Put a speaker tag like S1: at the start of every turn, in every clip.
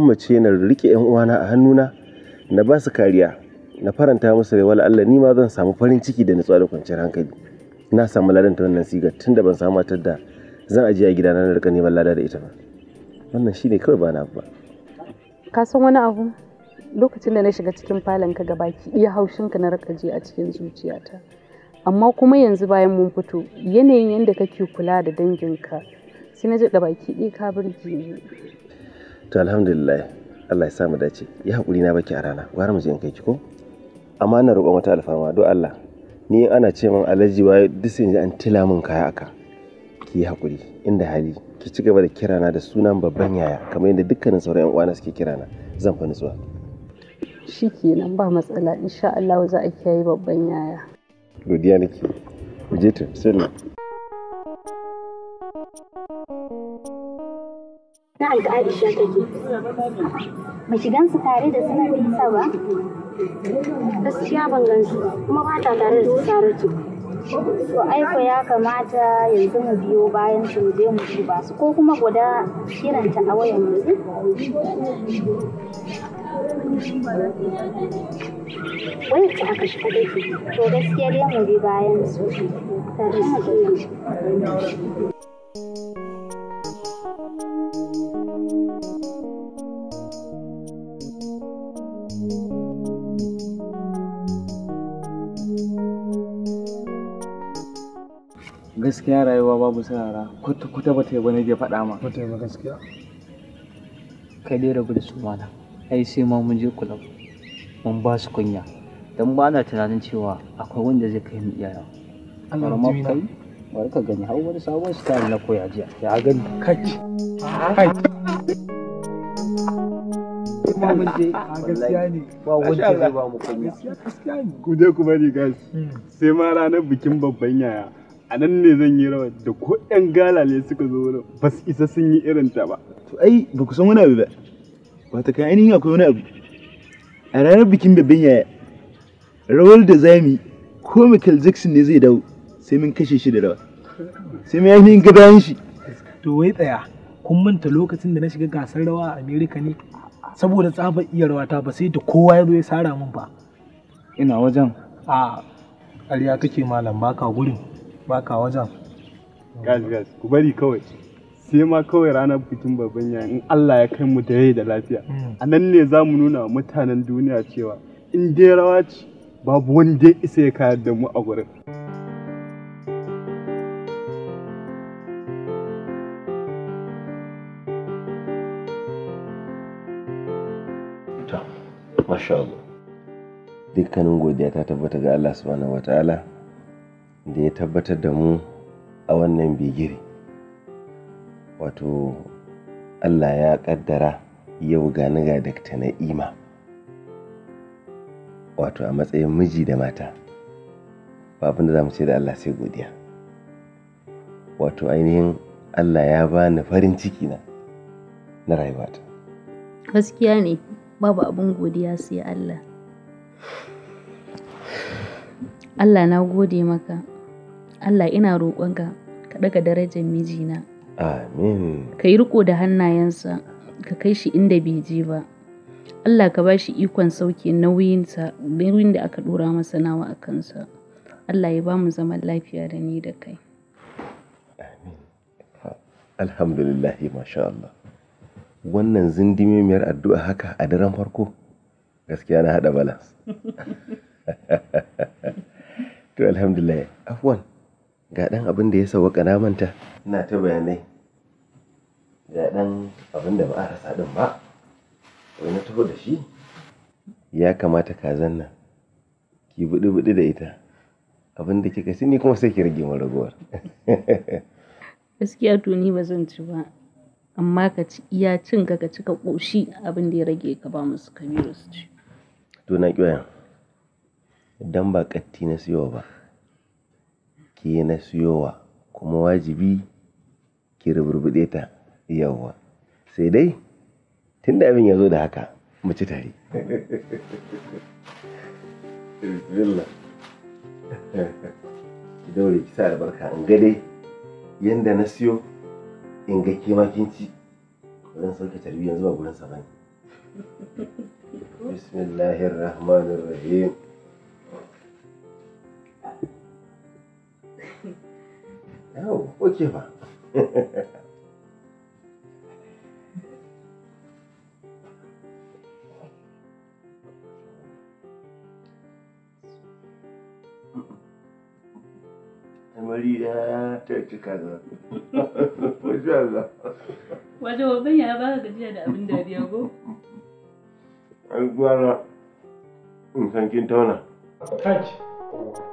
S1: mace na rike 'yan uwana a hannuna na ba su kariya na faranta musu da wala Allah ni ma zan samu farin ciki da nutsuwa da kwanciyar hankali na samu ladan ta wannan sigar tunda ban samu matar da zan aje a gidana na rika neman lada da ita ba wannan shine kawai ba na ba
S2: ka san wani abu lokacin da na shiga cikin falon ka gabaki iya haushin ka na raka ji a cikin zuciyata amma kuma yanzu bayan mun fito yanayin yadda kake kula da danginka sai na ji da baki ɗaya ka burge ni
S1: to alhamdulillah Allah ya sa mu dace ya haƙuri na baki a rana gwara mu je in kai ki ko amma na roƙon wata alfarma do Allah ni ana ce min alaji wai duk sai ji an tila min kaya aka ki hakuri haƙuri inda hali ki ci gaba da kirana da sunan babban yaya kamar yadda dukkanin sauran yan uwana suke kirana zan fa nutsuwa
S2: shikenan ba matsala insha Allah za a kiyaye babban yaya
S1: godiya nake ku je
S2: na da Aisha take. Ba ki su tare da suna
S3: nisa ba? Gaskiya ban gansu kuma ba ta tare da su Saratu. To aiko ya kamata yanzu mu biyo bayan su je mu ci ba su ko kuma
S2: guda kiranta a wayan mu.
S4: Wai ta aka shiga dake to gaskiya dai mu bi bayan
S3: su. Tare da su.
S4: gaskiya rayuwa babu sarara kuta ba ta yi wani ya faɗa ma
S2: yi gaskiya
S4: kai dai rabu da su mana ai sai ma mun je mun ba su kunya don ba na tunanin cewa akwai wanda zai kai mu iyayen Allah ma kai bari ka gani har wani sabon style na koya jiya ya gani kai kai kuma ku bari hmm. sai ma ranar bikin babban yaya a nan ne zan yi rawar da ko gala ne suka zo wurin ba su isa sun yi irin ta ba to ai ba ku san wani abu ba ba ta kai ainihin akwai wani abu a ranar bikin babban yaya rawar da zami ko Michael Jackson ne zai dawo sai mun kashe shi da rawa sai mun ainihin gabayan shi to wai tsaya kun manta lokacin da na shiga gasar rawa a America ne saboda tsabar iya rawa ta ba sai da kowa ya zo ya sara min ba ina wajen a ƙarya kake malam baka gurin baka wajen gas gas ku bari kawai sai ma kawai ranar bikin babban yaya in Allah ya kai mu da rai da lafiya hmm. a nan ne za mu nuna wa mutanen duniya cewa in dai rawa ce babu wanda ya isa ya kayar da mu a gurin
S1: Masha Dukkanin godiya ta tabbata ga Allah subhanahu wa ta'ala da ya tabbatar da mu a wannan bigiri wato allah ya kaddara yau gani ga dakta na'ima wato a matsayin miji da mata ba abin da za ce da allah sai godiya wato ainihin allah ya bani farin ciki na na rayuwata
S2: gaskiya ne babu abin godiya sai allah allah na gode maka Allah ina roƙonka ka ɗaga darajar mijina.
S1: Amin.
S2: Ka yi riko da hannayensa ka kai shi inda bai je ba. Allah ka ba shi ikon sauke nauyinsa nauyin da aka ɗora masa nawa a kansa. Allah ya ba mu zaman lafiya da ni da kai.
S1: Amin. Alhamdulillah masha Allah. Wannan zindimimiyar addu'a haka a daren farko gaskiya na haɗa balance. to alhamdulillah afwan ga ɗan abin da ya sauwaka na manta ina ta bayanai ga ɗan abin da ba a rasa ɗin ba wai na taho da shi ya kamata kazan nan ki buɗi-buɗi da ita abin da kika ni kuma sai ki rage mara
S2: gaskiya to ni ba zan ci ba amma ka ci iya cin ka ka cika ƙoshi abin da ya rage ka ba musu kabiru su ci
S1: to na ƙyoyan idan ba katti na siyo ba ke na siyowa kuma wajibi ki rubrubuɗe ta yawwa Sai dai da abin ya zo da haka mu tare. Ki daure ki sa albarka in ga dai yanda na siyo in ga ke ma ci. Wurin sauke tarbiyyar zuwa gurin sa bane. Bismillahirrahmanirrahim. Yawo, oke ba. Amarya ta cika za. Masha Allah.
S2: Wato babban ya ba ka gajiya da abin dariya ko?
S1: Ai gwara. In san kin tauna.
S4: Kaji.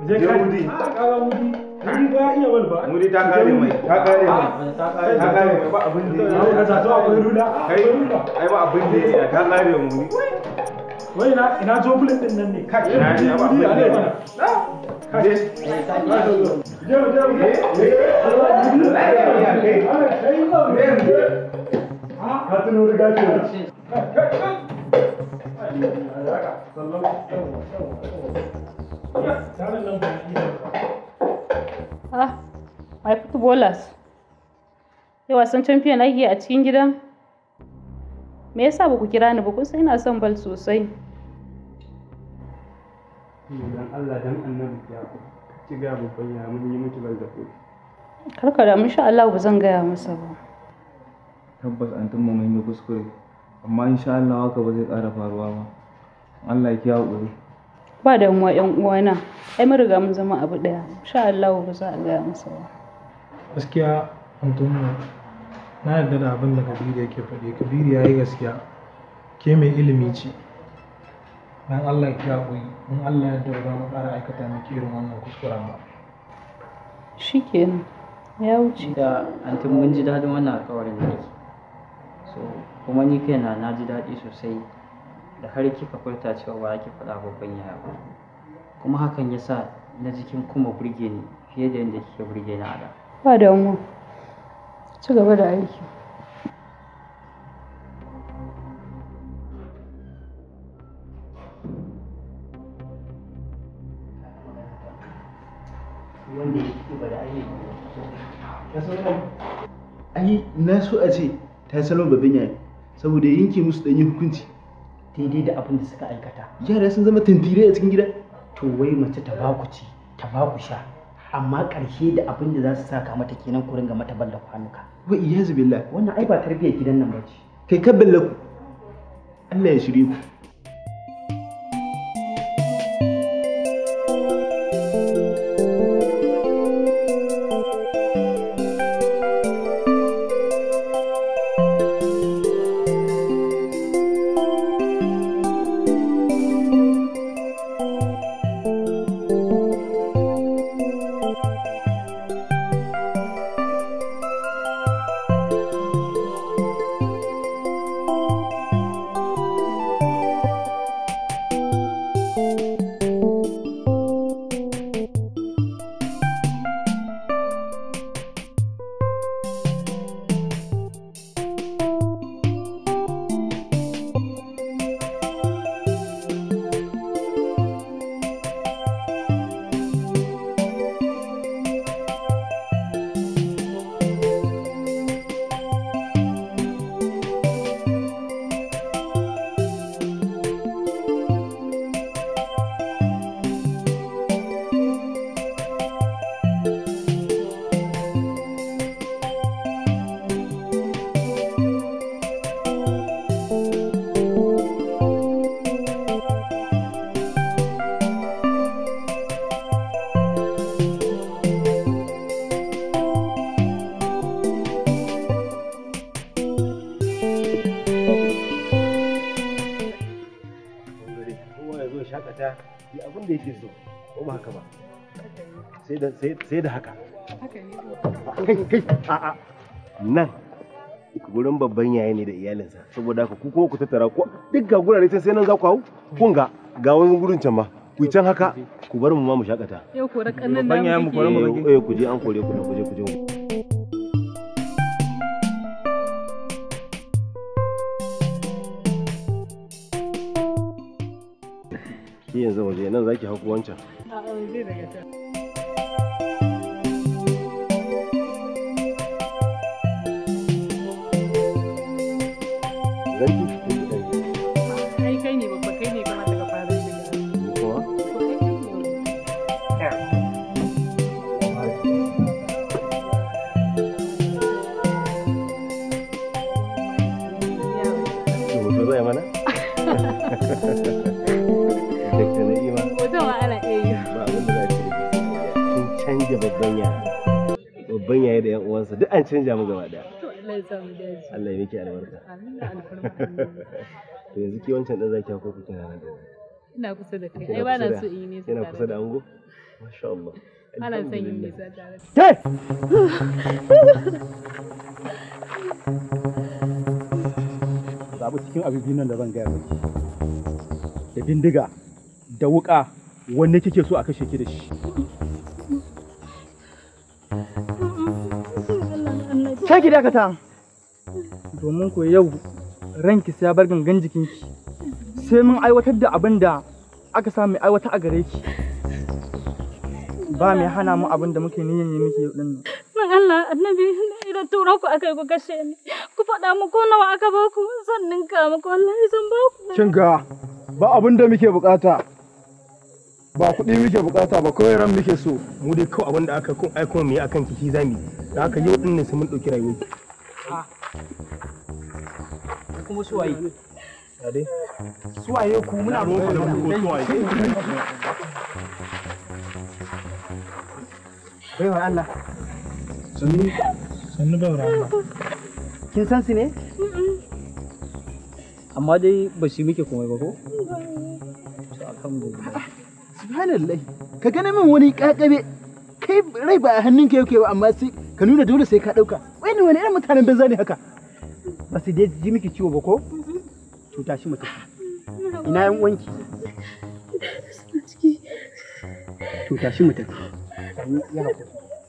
S4: Mu
S2: je
S1: Ni ba iya ba. Muri ta kare mai. Ta kare mai. Ta kare mai ba abin da ya. Ka zato akwai Kai ai ba abin da ya ta kare mu.
S4: Wai na ina zo bullet din nan ne. Ka ina ne ba abin da ya.
S2: Ah, my footballers. Yau wasan champion ake a cikin gidan? Me yasa ba ku kira ni ba kun san ina son bal sosai.
S4: Dan Allah dan annabi ya ci ga babban ya mun yi miki bal da ku.
S2: Karka da insha Allah ba zan gaya masa ba.
S1: Tabbas an tumma mun yi kuskure. Amma insha Allah haka ba zai ƙara faruwa ba.
S4: Allah ya kiyaye.
S2: ba da damuwa yan uwana ai mun riga mun zama abu daya insha Allah ba za a gaya musu ba
S4: gaskiya Antonio na yarda da abin da Kabiru yake faɗi Kabiru yayi gaskiya ke mai ilimi ce
S1: dan Allah ya haƙuri in Allah ya dauka mu ƙara aikata miki irin wannan kuskuren ba
S2: shikenan ya wuce da antin mun ji dadin wannan alƙawarin so kuma ni kaina na ji daɗi sosai da har kika
S4: furta cewa ba ki faɗa ban yaya ba kuma hakan ya sa na jikin kuma burge ni fiye da yadda kike burge ni a
S2: da ba mu ci gaba da aiki
S4: ai na so a ce ta salo babin yayi saboda yanke musu ɗanyen hukunci daidai da abin da suka aikata yara sun zama tantire a cikin gida to wai mace ta baku ci ta baku sha amma ƙarshe da abin da za su saka mata kenan ku ringa mata balla kwanuka wa iyazu billah wannan ai ba tarbiyyar gidan nan ba ce kai ka ku Allah ya shirye ku Thank you.
S1: nake so ko ba haka ba sai da sai da haka
S2: kai
S4: kai a a
S1: nan gurin babban yaya ne da iyalinsa saboda haka ku ko ku tattara ko duk ga gurare sai nan za ku hawo kun ga ga wani gurin can ma ku can haka ku bar mu ma mu shakata
S2: yau ko da kannan nan ku
S1: je an kore ku ku je ku je ku je ke yanzu waje nan zaki haku wancan.
S2: A'a bai daga can.
S1: iyaye da yan uwansa duk an canja mu gaba daya Allah ya miki albarka to yanzu ki wancan ɗan zaki ko kuka nan da
S2: ina kusa da kai ai ba na so in yi nisa ina kusa da ango masha Allah ana son yin nisa tare kai
S4: Zabu cikin abubuwan nan da zan gaya miki da bindiga da wuƙa wanne kike so a kashe ki da shi ki dakata domin ko yau ranki sai ya bar gangan jikinki sai mun aiwatar da abin da aka sa mai aiwata a gare ki ba mai hana mu abin da muke niyan yi muke din nan
S2: man Allah annabi idan tura ku akai ku kashe ni ku faɗa mu ko nawa aka ba ku mu ko Allah ya san ba ku
S4: kin ga ba abin da muke bukata
S3: ba kuɗi muke bukata ba kawai ran muke so mu
S4: dai kawai
S1: abinda aka kun aiko mu yi akan kishi zami da aka yi din ne sai mun dauki rayuwa
S2: ki
S4: kuma su waye dai su waye ku muna
S2: mu ku ku su waye
S4: bai wa Allah sannu sannu bai wa Allah kin san su ne amma dai ba shi muke komai ba ko alhamdulillah subhanallah ka gane min wani kakabe kai rai ba a hannunka yake ba amma sai ka nuna dole sai ka dauka wani wani irin mutanen banza ne haka ba sai dai ji miki ciwo ba ko to tashi mu tafi
S2: ina yan wanki to tashi mu tafi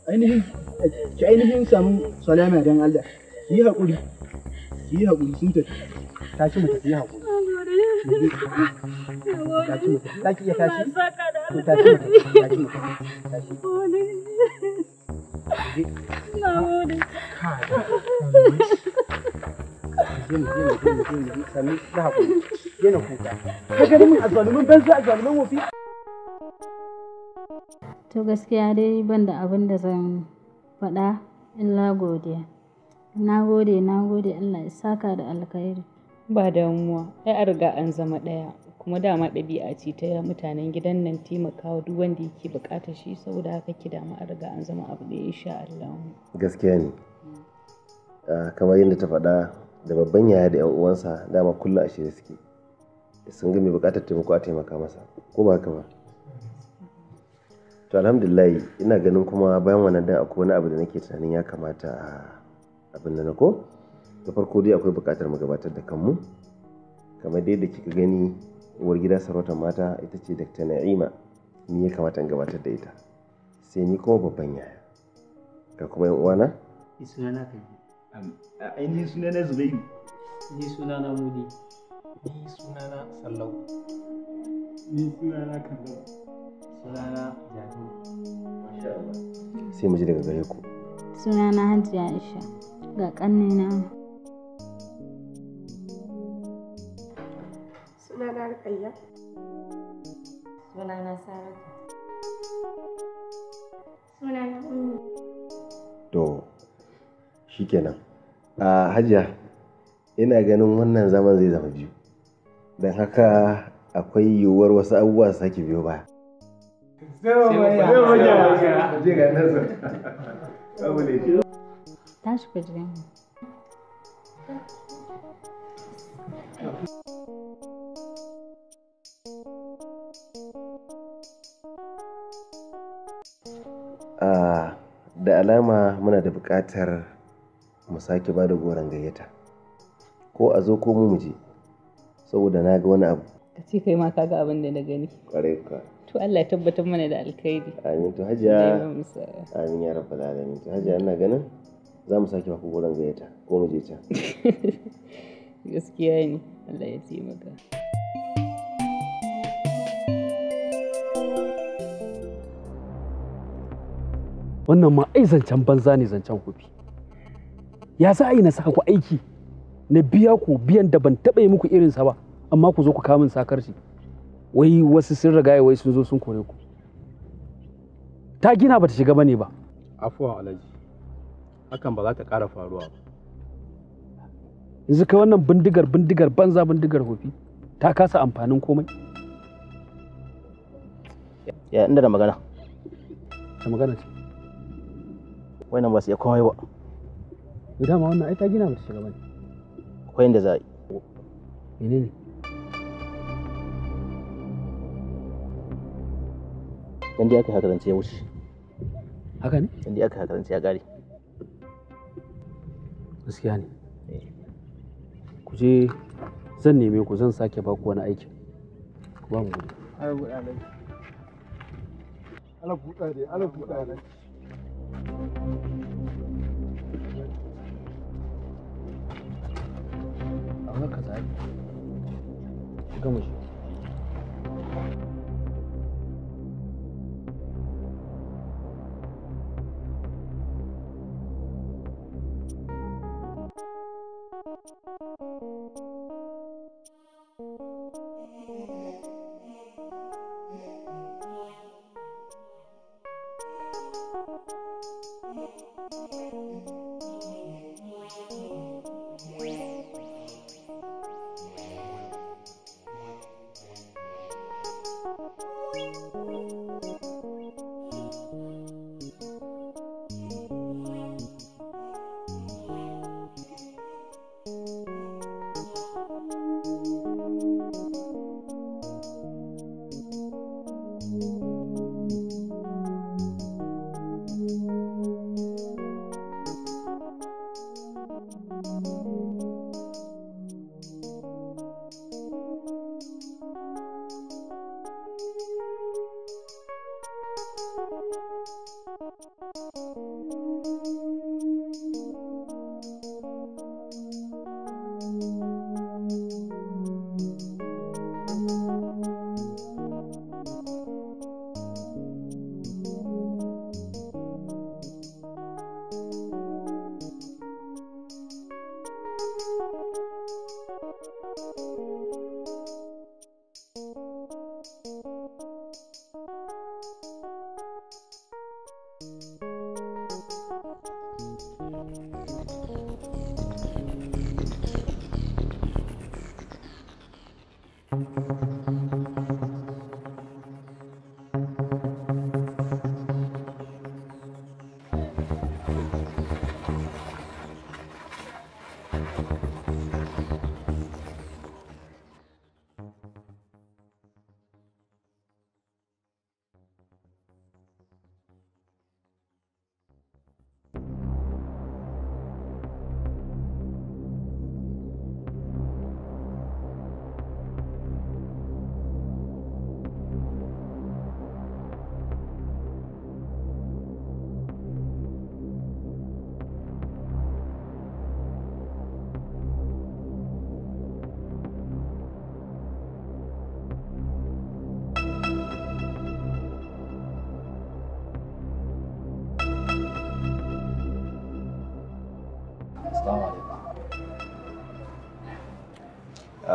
S4: ainihin ki ainihin samu salama dan Allah yi hakuri yi hakuri sun tafi tashi mu tafi yi hakuri
S2: To gaskiya dai ban da abin da zan faɗa in godiya. Na gode, na gode Allah ya saka da alkhairi. Ba damuwa, ai a riga an zama ɗaya, kuma dama ɗabi'a ce ta mutanen gidan nan taimakawa duk wanda yake buƙatar shi saboda haka ki dama a riga an zama abu ɗaya insha Allah.
S1: Gaskiya ne. Ah, kamar yadda ta faɗa da babban yaya da 'yan uwansa dama kullum a shirye suke. Sun ga mai buƙatar taimako a taimaka masa, ko ba haka ba? To alhamdulillah ina ganin kuma bayan wannan dan akwai wani abu da nake tunanin ya kamata a abin nan ko? ta farko dai akwai buƙatar mu gabatar da kanmu kamar dai da kika gani uwar gida sarautar mata ita ce dr na'ima ni ya kamata in gabatar da ita sai ni kuma babban yaya ga kuma yan uwana
S4: ni suna na kai a ainihin suna na zubairu ni suna na mudi ni suna na sallau ni suna na kallau suna na
S1: sai mu ji daga gare ku
S2: suna na hajiya aisha ga ƙannina
S1: Sunana Saratu.
S3: Sunana Ummi.
S1: To, shikenan. A Hajiya, ina ganin wannan zaman zai zama biyu. Don haka akwai yiwuwar wasu abubuwa su sake biyo ba.
S2: Tashi ku jirin.
S1: da alama muna da buƙatar mu sake ba da goron gayyata ko a zo ko mu je saboda na ga wani abu
S2: ka ce kai ma ka ga abin da na gani ƙwarai ka to Allah ya tabbatar mana da alkhairi amin
S1: to hajiya amin ya rabbal alamin to hajiya ina ganin za mu sake baku goron gayyata ko mu je can
S2: gaskiya ne Allah ya taimaka
S4: wannan ma ai zancen banza ne zancen kofi ya za a yi na saka ku aiki na biya ku biyan da ban taɓa yi muku irinsa ba amma ku zo ku kamun shi wai wasu sun riga wai sun zo sun kore ku ta gina bata shiga bane ba afuwan alhaji hakan ba za ta ƙara faruwa ba yanzu kai wannan bindigar bindigar banza bindigar hofi ta kasa amfanin komai
S1: ya inda da magana da magana ce nan ba su iya komai ba
S4: dama wannan ai ta gina mata shiga bane
S1: akwai inda za a yi menene
S4: dan dai aka hakaranci ya wuce haka ne dan dai aka hakaranci ya gare. gaskiya ne eh. ku je zan neme ku zan sake baku wani aikin ba mu gudu ala buɗa ne ala buɗa ne Ficamos juntos. Thank you. Thank you.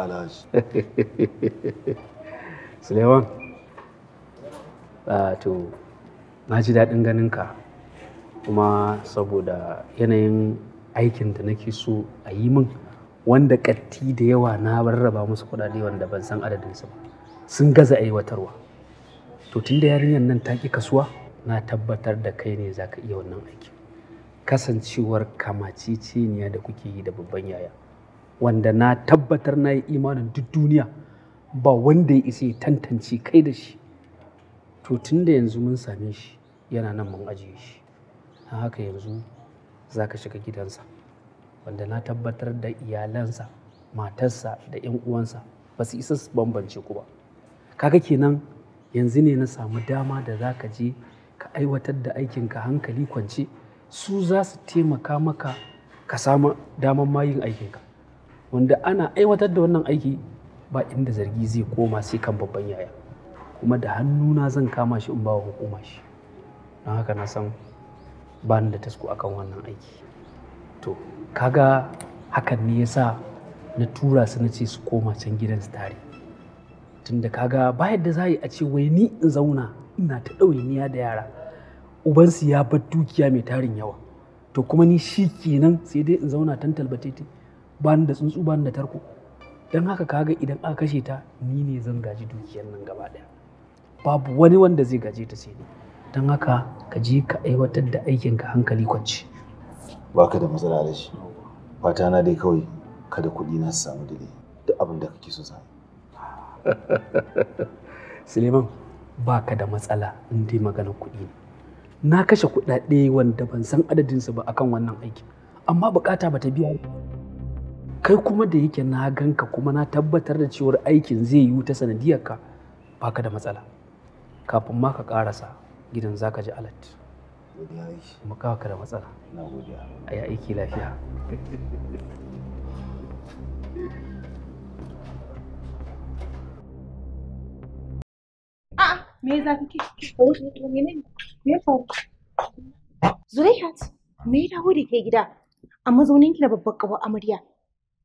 S4: alhaji suleiman ah, to na ji daɗin ganinka kuma saboda yanayin aikin da nake so a yi min wanda ƙatti da yawa na rarraba musu kuɗaɗe wanda ban san su ba sun gaza aiwatarwa to tun da yarinyar nan ta ƙi kasuwa na tabbatar da kai ne za ka iya wannan aiki. kasancewar kamaciciniya da kuke yi da babban yaya wanda na tabbatar na yi imanin duk duniya ba wanda ya isa tantance kai da shi to tun da yanzu mun same shi yana nan mun ajiye shi na haka yanzu za ka shiga gidansa wanda na tabbatar da iyalansa matarsa da 'yan uwansa ba su isa su bambance ku ba kaga kenan yanzu ne na samu dama da za ka je ka aiwatar da aikinka hankali kwance su za su taimaka maka ka samu damar mayin aikinka wanda ana aiwatar da wannan aiki ba inda zargi zai koma sai kan babban yaya kuma da hannuna zan kama shi in ba wa hukuma shi don haka na san ba da tasko akan wannan aiki to kaga hakan ne yasa na tura su na ce su koma can gidan su tare tunda kaga ba yadda za a ce wai ni in zauna ina ta niya da yara ubansu ya bar dukiya mai tarin yawa to kuma ni shi kenan sai dai in zauna tan titi. bani da tsuntsu bani da tarko don haka kaga idan aka kashe ta ni ne zan gaji dukiyar nan gaba daya babu wani wanda zai gaje ta sai ni don haka ka je ka aiwatar da aikinka hankali kwance
S1: baka da matsala da shi fata na dai kawai
S4: kada kuɗi na samu dare duk abin da kake so sa Suleiman baka da matsala in dai maganar kuɗi ne na kashe kuɗaɗe wanda ban san adadinsu ba akan wannan aikin amma bukata bata biya kai kuma da yake na ganka kuma na tabbatar da cewar aikin zai yiwu ta sanadiyarka baka da matsala kafin ma ka karasa gidan zaka ji alat makawa ka da matsala a yi aiki lafiya
S3: me za ke me me ya dawo da ke gida a mazauninki da babbar kawo amarya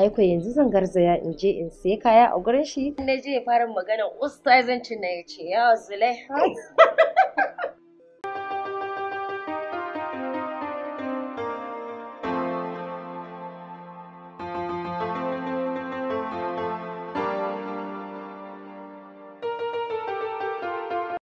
S3: aiko yanzu zan garzaya in je in sai kaya a gurin shi na je fara magana ustazancin na ya ce yawa zule